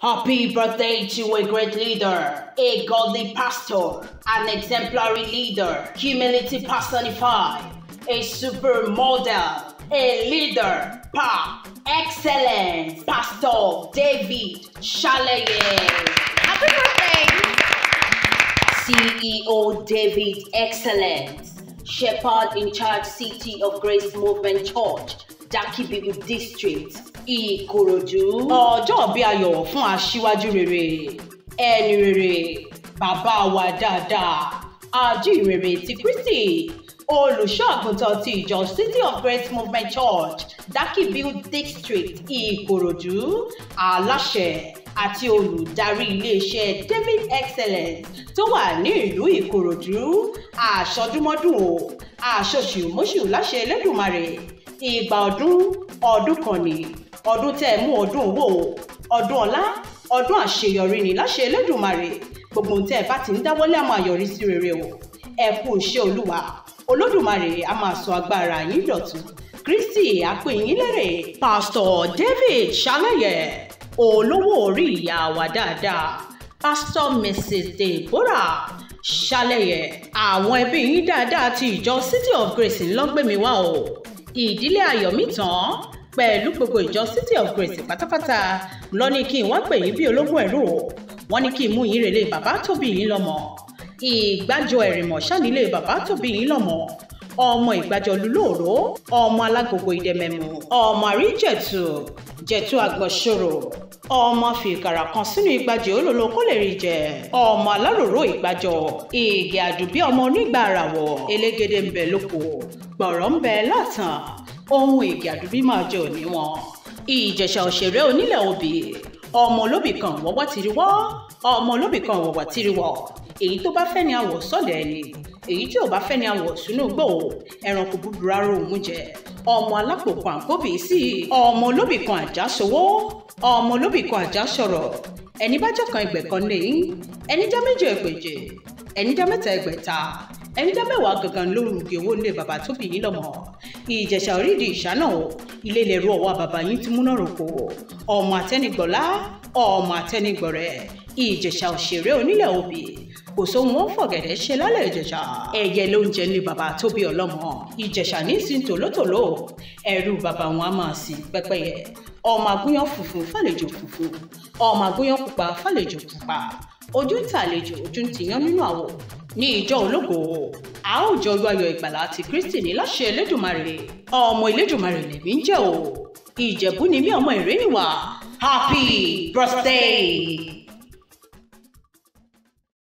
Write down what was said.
Happy birthday to a great leader, a godly pastor, an exemplary leader, humility personified, a supermodel, a leader par excellence, Pastor David Chalaye. Happy birthday! CEO David Excellence, Shepherd in Charge City of Grace Movement Church, Daki Bibu District, ìkòròdú. ọjọ́ bí ayọ̀ fún aṣíwájú rere ẹni rere bàbá wa dáadáa ajínrere ti Kristi olùṣọ́ àgùntàn ti ìjọ city of grace movement church dakibiu district ìkòròdú aláṣẹ àti olùdarí iléeṣẹ́ david excellence tó wà ní ìlú ìkòròdú àṣọdúnmọ́dún o àṣoṣùmọ́ṣù láṣẹ elédùnmarè ìgbà ọdún ọdún kan ní ọdún tẹ́ ẹ mú ọdún wò ó ọdún ọlá ọdún àṣeyọrí ni láṣẹ Elédùmarè gbogbo ohun tẹ́ ẹ bá ti ń dáwọ́lé a máa yọrí sí rere o ẹ kú iṣẹ́ Olúwa Olódùmarè a máa sọ agbára yín dọ̀tun Kristi á pè yín David Ṣaláyẹ olówó orí ìyá wa dáadáa Pásítọ̀ Mrs Deborah Ṣaláyẹ àwọn ẹbí yín dáadáa ti ìjọ City of Grace ńlọgbẹmíwá o ìdílé Ayọ̀mítàn pẹ̀lú gbogbo ìjọ City of Grace pátápátá lọ ní kí n wá pè yín bí ológun ẹ̀rọ wọn ní kí n mú yín rèlé bàbá tó bí yín lọ́mọ ìgbàjọ ẹ̀rìnmọ̀ ṣánilé bàbá tó bí yín lọ́mọ ọmọ ìgbàjọlù lóòró ọmọ alágbogbo ìdẹmẹmù ọmọ àríjẹtù jẹtù àgbọ̀ṣòro ọmọ fi ìkàrà kan sínú ìgbàjẹ olólo kó lè rí jẹ ọmọ aláròró ìgbàjọ ìgè àdùbí ọmọ onígbà àràwọ elégede ń bẹ lóko gbọrọ ń bẹ látàn ohun ìgè àdùbí máa jẹ òní wọn ìjẹ̀ṣà òṣèré onílẹ̀ obì ọmọ olóbì kan wọ́wọ́ tiriwọ́ ọmọ olóbì kan wọ́wọ́ tiriwọ́ èyí tó bá fẹ́ ni àwọ̀ sọ́dẹ̀ ẹni èyí tí ò bá fẹ́ ni àwọ̀ sínú gbò ẹranko búburú aró òun jẹ ọmọ alápòpọ̀ àǹkóbì sí ọmọ olóbì kan àjá sowó ọmọ olóbì kan àjá sọ̀rọ̀ ẹni bá jẹ́ kan ẹgbẹ̀kan ní ẹni jẹ́ méjì ẹgbẹ̀je ẹni jẹ́ mẹ́ta ẹgbẹ̀ta ẹni jẹ́ mẹ́wàá gangan lórúkẹ owó ilé bàbá tó bí yín lọ́mọ ìjẹ̀ṣà orídìí ìṣáná ilé ìlẹ̀rú ọ̀wá bàbá yín ti múná rògbò ọmọ àtẹnigbọ̀lá ọmọ àtẹnigbọ̀rẹ́ ìjẹ̀ṣà òṣèré onílẹ̀ òbí kò sóhun ó fọ̀gẹ̀dẹ̀ ṣe lálẹ́ ìjẹ̀ṣà ẹ̀yẹ ló ń jẹ ní bàbá tóbi ọlọ́mọ ìjẹ̀ṣà ní sin tòlótòló ẹ̀rù bàbá wọn a máa sìn pẹ́pẹ́yẹ ọmọ agúnyán funfun fàlejò funfun ọmọ agúnyán pupa fàlejò pupa ojú ń tàlejò ojú ń tìyàn nínú àwọ ní ìjọ ológo a ó jọ yọ ayọ̀ ìgbàlà àti kristi ní láṣẹ elédùnmarè ọmọ elédùnmarè lèmi ń jẹ́ o ìjẹ̀bú ni mí ọmọ ìrẹ́nìwá happy birthday.